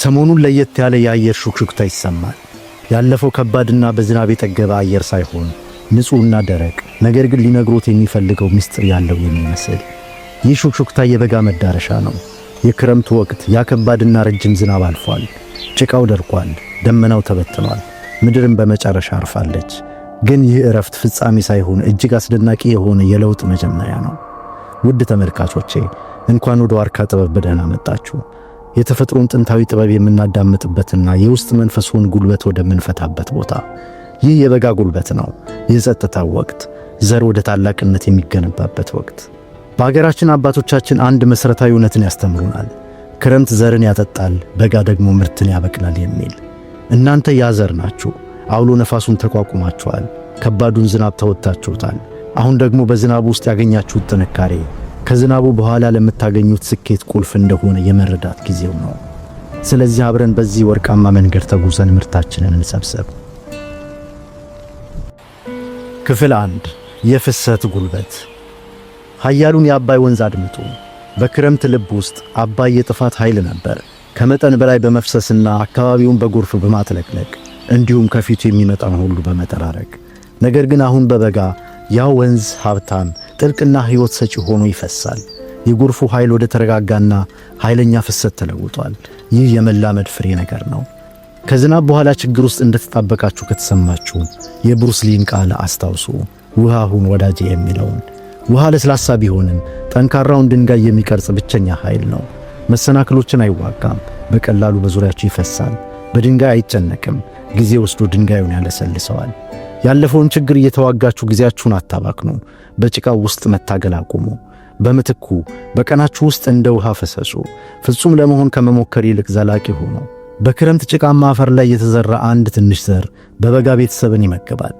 ሰሞኑን ለየት ያለ የአየር ሹክሹክታ ይሰማል። ያለፈው ከባድና በዝናብ የጠገበ አየር ሳይሆን ንጹሕና ደረቅ፣ ነገር ግን ሊነግሮት የሚፈልገው ምስጢር ያለው የሚመስል ይህ ሹክሹክታ የበጋ መዳረሻ ነው። የክረምቱ ወቅት ያ ከባድና ረጅም ዝናብ አልፏል። ጭቃው ደርቋል፣ ደመናው ተበትኗል፣ ምድርን በመጨረሻ አርፋለች። ግን ይህ እረፍት ፍጻሜ ሳይሆን እጅግ አስደናቂ የሆነ የለውጥ መጀመሪያ ነው። ውድ ተመልካቾቼ እንኳን ወደ ዋርካ ጥበብ በደህና መጣችሁ። የተፈጥሮን ጥንታዊ ጥበብ የምናዳምጥበትና የውስጥ መንፈሱን ጉልበት ወደምንፈታበት ቦታ። ይህ የበጋ ጉልበት ነው። የጸጥታው ወቅት፣ ዘር ወደ ታላቅነት የሚገነባበት ወቅት። በአገራችን አባቶቻችን አንድ መሠረታዊ እውነትን ያስተምሩናል። ክረምት ዘርን ያጠጣል፣ በጋ ደግሞ ምርትን ያበቅላል የሚል። እናንተ ያ ዘር ናችሁ። አውሎ ነፋሱን ተቋቁማችኋል። ከባዱን ዝናብ ተወጥታችሁታል። አሁን ደግሞ በዝናብ ውስጥ ያገኛችሁት ጥንካሬ ከዝናቡ በኋላ ለምታገኙት ስኬት ቁልፍ እንደሆነ የመረዳት ጊዜው ነው። ስለዚህ አብረን በዚህ ወርቃማ መንገድ ተጉዘን ምርታችንን እንሰብሰብ። ክፍል አንድ የፍሰት ጉልበት። ኃያሉን የአባይ ወንዝ አድምጡ። በክረምት ልብ ውስጥ አባይ የጥፋት ኃይል ነበር፣ ከመጠን በላይ በመፍሰስና አካባቢውን በጎርፍ በማጥለቅለቅ እንዲሁም ከፊቱ የሚመጣውን ሁሉ በመጠራረቅ ነገር ግን አሁን በበጋ ያው ወንዝ ሀብታም ጥልቅና ሕይወት ሰጪ ሆኖ ይፈሳል። የጎርፉ ኃይል ወደ ተረጋጋና ኃይለኛ ፍሰት ተለውጧል። ይህ የመላመድ ፍሬ ነገር ነው። ከዝናብ በኋላ ችግር ውስጥ እንደተጣበቃችሁ ከተሰማችሁ የብሩስ ሊን ቃል አስታውሱ፣ ውሃ ሁን ወዳጄ የሚለውን። ውሃ ለስላሳ ቢሆንም ጠንካራውን ድንጋይ የሚቀርጽ ብቸኛ ኃይል ነው። መሰናክሎችን አይዋጋም፣ በቀላሉ በዙሪያችሁ ይፈሳል። በድንጋይ አይጨነቅም፣ ጊዜ ወስዶ ድንጋዩን ያለሰልሰዋል። ያለፈውን ችግር እየተዋጋችሁ ጊዜያችሁን አታባክኑ። በጭቃው ውስጥ መታገል አቁሙ። በምትኩ በቀናችሁ ውስጥ እንደ ውሃ ፈሰሱ። ፍጹም ለመሆን ከመሞከር ይልቅ ዘላቂ ሆኑ። በክረምት ጭቃማ አፈር ላይ የተዘራ አንድ ትንሽ ዘር በበጋ ቤተሰብን ይመግባል።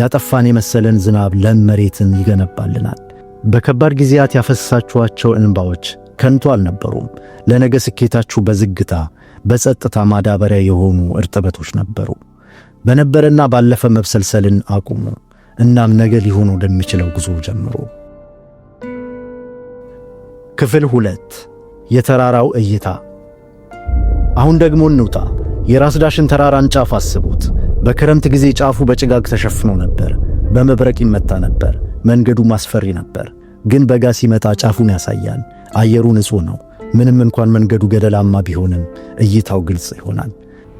ያጠፋን የመሰለን ዝናብ ለም መሬትን ይገነባልናል። በከባድ ጊዜያት ያፈሰሳችኋቸው እንባዎች ከንቱ አልነበሩም። ለነገ ስኬታችሁ በዝግታ በጸጥታ ማዳበሪያ የሆኑ እርጥበቶች ነበሩ። በነበረና ባለፈ መብሰልሰልን አቁሙ። እናም ነገ ሊሆን ወደሚችለው ጉዞ ጀምሩ። ክፍል ሁለት የተራራው እይታ። አሁን ደግሞ እንውጣ። የራስ ዳሽን ተራራን ጫፍ አስቡት። በክረምት ጊዜ ጫፉ በጭጋግ ተሸፍኖ ነበር፣ በመብረቅ ይመታ ነበር። መንገዱ ማስፈሪ ነበር፣ ግን በጋ ሲመጣ ጫፉን ያሳያል። አየሩ ንጹሕ ነው። ምንም እንኳን መንገዱ ገደላማ ቢሆንም እይታው ግልጽ ይሆናል።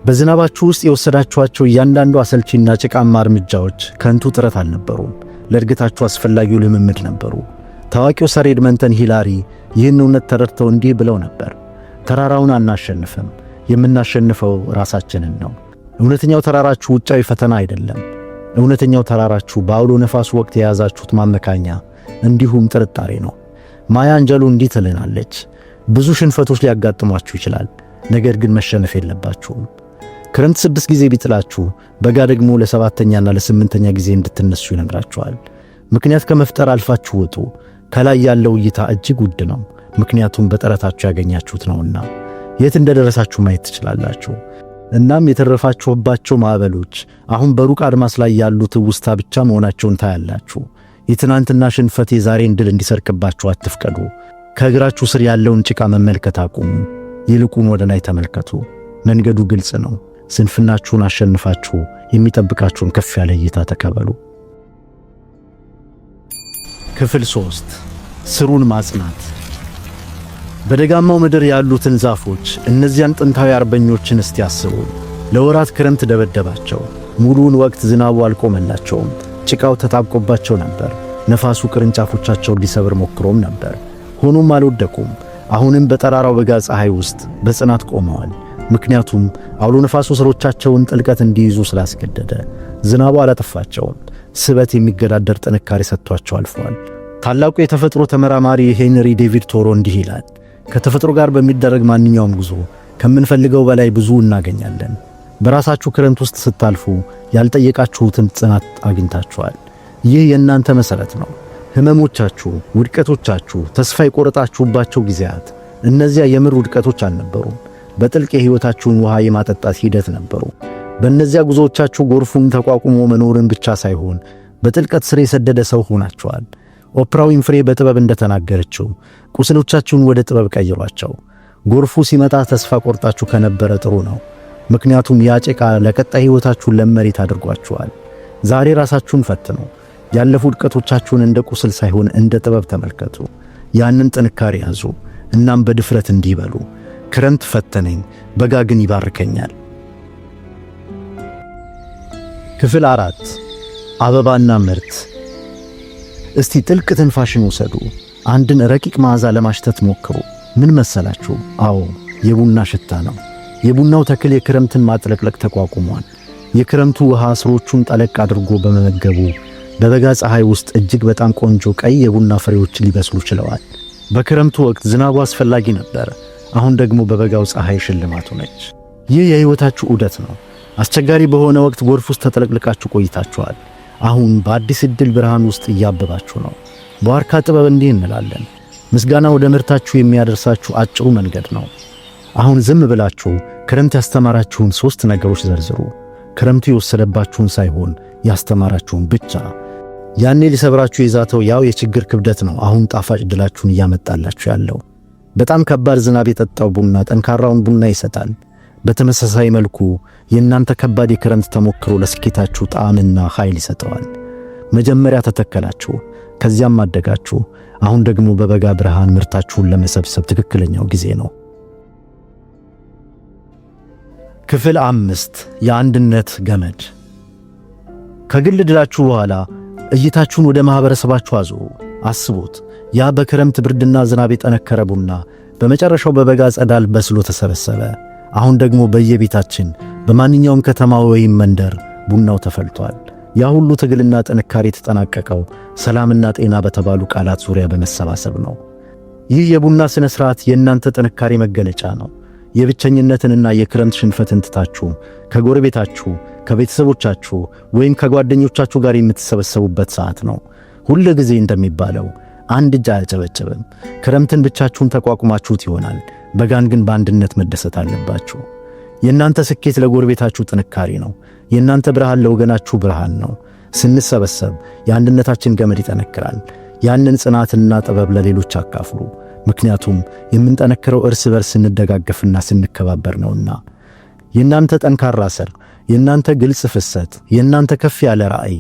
በዝናባችሁ ውስጥ የወሰዳችኋቸው እያንዳንዱ አሰልቺና ጭቃማ እርምጃዎች ከንቱ ጥረት አልነበሩም፣ ለእድገታችሁ አስፈላጊው ልምምድ ነበሩ። ታዋቂው ሰር ኤድመንተን ሂላሪ ይህን እውነት ተረድተው እንዲህ ብለው ነበር፣ ተራራውን አናሸንፍም፣ የምናሸንፈው ራሳችንን ነው። እውነተኛው ተራራችሁ ውጫዊ ፈተና አይደለም። እውነተኛው ተራራችሁ በአውሎ ነፋሱ ወቅት የያዛችሁት ማመካኛ እንዲሁም ጥርጣሬ ነው። ማያ አንጀሉ እንዲህ ትልናለች፣ ብዙ ሽንፈቶች ሊያጋጥሟችሁ ይችላል፣ ነገር ግን መሸነፍ የለባችሁም። ክረምት ስድስት ጊዜ ቢጥላችሁ በጋ ደግሞ ለሰባተኛና ለስምንተኛ ጊዜ እንድትነሱ ይነግራችኋል። ምክንያት ከመፍጠር አልፋችሁ ውጡ። ከላይ ያለው እይታ እጅግ ውድ ነው፣ ምክንያቱም በጥረታችሁ ያገኛችሁት ነውና የት እንደደረሳችሁ ማየት ትችላላችሁ። እናም የተረፋችሁባቸው ማዕበሎች አሁን በሩቅ አድማስ ላይ ያሉት ውስታ ብቻ መሆናቸውን ታያላችሁ። የትናንትና ሽንፈት የዛሬን ድል እንዲሰርቅባችሁ አትፍቀዱ። ከእግራችሁ ስር ያለውን ጭቃ መመልከት አቁሙ፣ ይልቁን ወደ ላይ ተመልከቱ። መንገዱ ግልጽ ነው። ስንፍናችሁን አሸንፋችሁ የሚጠብቃችሁን ከፍ ያለ እይታ ተቀበሉ። ክፍል ሶስት ስሩን ማጽናት። በደጋማው ምድር ያሉትን ዛፎች እነዚያን ጥንታዊ አርበኞችን እስቲ አስቡ። ለወራት ክረምት ደበደባቸው። ሙሉውን ወቅት ዝናቡ አልቆመላቸውም። ጭቃው ተጣብቆባቸው ነበር። ነፋሱ ቅርንጫፎቻቸውን ሊሰብር ሞክሮም ነበር። ሆኖም አልወደቁም። አሁንም በጠራራው በጋ ፀሐይ ውስጥ በጽናት ቆመዋል። ምክንያቱም አውሎ ነፋሱ ስሮቻቸውን ጥልቀት እንዲይዙ ስላስገደደ ዝናቡ አላጠፋቸውም። ስበት የሚገዳደር ጥንካሬ ሰጥቷቸው አልፈዋል። ታላቁ የተፈጥሮ ተመራማሪ ሄንሪ ዴቪድ ቶሮ እንዲህ ይላል፣ ከተፈጥሮ ጋር በሚደረግ ማንኛውም ጉዞ ከምንፈልገው በላይ ብዙ እናገኛለን። በራሳችሁ ክረምት ውስጥ ስታልፉ ያልጠየቃችሁትን ጽናት አግኝታችኋል። ይህ የእናንተ መሠረት ነው። ህመሞቻችሁ፣ ውድቀቶቻችሁ፣ ተስፋ የቆረጣችሁባቸው ጊዜያት፣ እነዚያ የምር ውድቀቶች አልነበሩም። በጥልቅ የሕይወታችሁን ውሃ የማጠጣት ሂደት ነበሩ። በእነዚያ ጉዞዎቻችሁ ጎርፉን ተቋቁሞ መኖርን ብቻ ሳይሆን በጥልቀት ስር የሰደደ ሰው ሆናችኋል። ኦፕራ ዊንፍሬ በጥበብ እንደተናገረችው ቁስሎቻችሁን ወደ ጥበብ ቀይሯቸው። ጎርፉ ሲመጣ ተስፋ ቆርጣችሁ ከነበረ ጥሩ ነው፣ ምክንያቱም ያ ጭቃ ለቀጣይ ሕይወታችሁን ለመሬት አድርጓችኋል። ዛሬ ራሳችሁን ፈትኑ። ያለፉ ውድቀቶቻችሁን እንደ ቁስል ሳይሆን እንደ ጥበብ ተመልከቱ። ያንን ጥንካሬ ያዙ። እናም በድፍረት እንዲህ በሉ ክረምት ፈተነኝ፣ በጋ ግን ይባርከኛል። ክፍል አራት አበባና ምርት። እስቲ ጥልቅ ትንፋሽን ውሰዱ። አንድን ረቂቅ መዓዛ ለማሽተት ሞክሩ። ምን መሰላችሁ? አዎ የቡና ሽታ ነው። የቡናው ተክል የክረምትን ማጥለቅለቅ ተቋቁሟል። የክረምቱ ውሃ ስሮቹን ጠለቅ አድርጎ በመመገቡ በበጋ ፀሐይ ውስጥ እጅግ በጣም ቆንጆ ቀይ የቡና ፍሬዎችን ሊበስሉ ችለዋል። በክረምቱ ወቅት ዝናቡ አስፈላጊ ነበር። አሁን ደግሞ በበጋው ፀሐይ ሽልማቱ ነች። ይህ የሕይወታችሁ ዑደት ነው። አስቸጋሪ በሆነ ወቅት ጎርፍ ውስጥ ተጥለቅልቃችሁ ቆይታችኋል። አሁን በአዲስ ዕድል ብርሃን ውስጥ እያበባችሁ ነው። በዋርካ ጥበብ እንዲህ እንላለን፣ ምስጋና ወደ ምርታችሁ የሚያደርሳችሁ አጭሩ መንገድ ነው። አሁን ዝም ብላችሁ ክረምት ያስተማራችሁን ሦስት ነገሮች ዘርዝሩ። ክረምቱ የወሰደባችሁን ሳይሆን ያስተማራችሁን ብቻ። ያኔ ሊሰብራችሁ የዛተው ያው የችግር ክብደት ነው አሁን ጣፋጭ ድላችሁን እያመጣላችሁ ያለው። በጣም ከባድ ዝናብ የጠጣው ቡና ጠንካራውን ቡና ይሰጣል። በተመሳሳይ መልኩ የእናንተ ከባድ የክረምት ተሞክሮ ለስኬታችሁ ጣዕምና ኃይል ይሰጠዋል። መጀመሪያ ተተከላችሁ፣ ከዚያም አደጋችሁ። አሁን ደግሞ በበጋ ብርሃን ምርታችሁን ለመሰብሰብ ትክክለኛው ጊዜ ነው። ክፍል አምስት የአንድነት ገመድ። ከግል ድላችሁ በኋላ እይታችሁን ወደ ማኅበረሰባችሁ አዙሩ። አስቡት ያ በክረምት ብርድና ዝናብ የጠነከረ ቡና በመጨረሻው በበጋ ጸዳል በስሎ ተሰበሰበ። አሁን ደግሞ በየቤታችን በማንኛውም ከተማ ወይም መንደር ቡናው ተፈልቷል። ያ ሁሉ ትግልና ጥንካሬ የተጠናቀቀው ሰላምና ጤና በተባሉ ቃላት ዙሪያ በመሰባሰብ ነው። ይህ የቡና ሥነ ሥርዓት የእናንተ ጥንካሬ መገለጫ ነው። የብቸኝነትንና የክረምት ሽንፈትን ትታችሁ ከጎረቤታችሁ፣ ከቤተሰቦቻችሁ ወይም ከጓደኞቻችሁ ጋር የምትሰበሰቡበት ሰዓት ነው። ሁል ጊዜ እንደሚባለው አንድ እጅ አያጨበጨበም። ክረምትን ብቻችሁን ተቋቁማችሁት ይሆናል። በጋን ግን በአንድነት መደሰት አለባችሁ። የእናንተ ስኬት ለጎረቤታችሁ ጥንካሬ ነው። የእናንተ ብርሃን ለወገናችሁ ብርሃን ነው። ስንሰበሰብ የአንድነታችን ገመድ ይጠነክራል። ያንን ጽናትና ጥበብ ለሌሎች አካፍሉ። ምክንያቱም የምንጠነክረው እርስ በርስ ስንደጋገፍና ስንከባበር ነውና። የእናንተ ጠንካራ ሰር፣ የእናንተ ግልጽ ፍሰት፣ የእናንተ ከፍ ያለ ራዕይ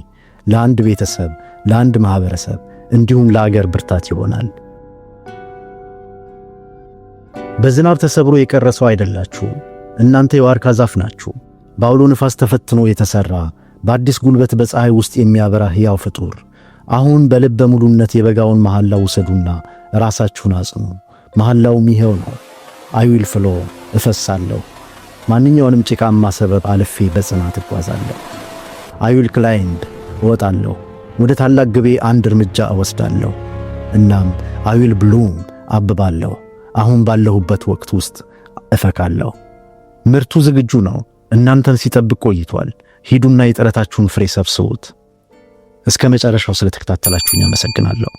ለአንድ ቤተሰብ ለአንድ ማህበረሰብ እንዲሁም ለአገር ብርታት ይሆናል። በዝናብ ተሰብሮ የቀረ ሰው አይደላችሁም። እናንተ የዋርካ ዛፍ ናችሁ፣ በአውሎ ንፋስ ተፈትኖ የተሰራ በአዲስ ጉልበት በፀሐይ ውስጥ የሚያበራ ሕያው ፍጡር። አሁን በልበ ሙሉነት የበጋውን መሐላ ውሰዱና ራሳችሁን አጽኑ። መሐላውም ይሄው ነው። አይዊል ፍሎ እፈሳለሁ፣ ማንኛውንም ጭቃማ ሰበብ አልፌ በጽናት እጓዛለሁ። አይዊል ክላይምብ እወጣለሁ ወደ ታላቅ ግቤ አንድ እርምጃ እወስዳለሁ። እናም አዊል ብሉም አብባለሁ። አሁን ባለሁበት ወቅት ውስጥ እፈካለሁ። ምርቱ ዝግጁ ነው፣ እናንተን ሲጠብቅ ቆይቷል። ሂዱና የጥረታችሁን ፍሬ ሰብስቡት። እስከ መጨረሻው ስለተከታተላችሁኝ አመሰግናለሁ።